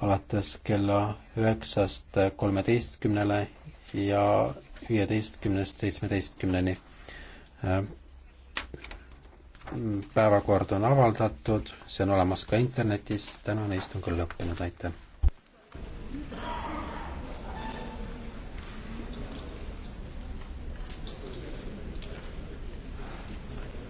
alates kella üheksast kolmeteistkümnele ja viieteistkümnest seitsmeteistkümneni. päevakord on avaldatud, see on olemas ka internetis, tänane istung on lõppenud, aitäh!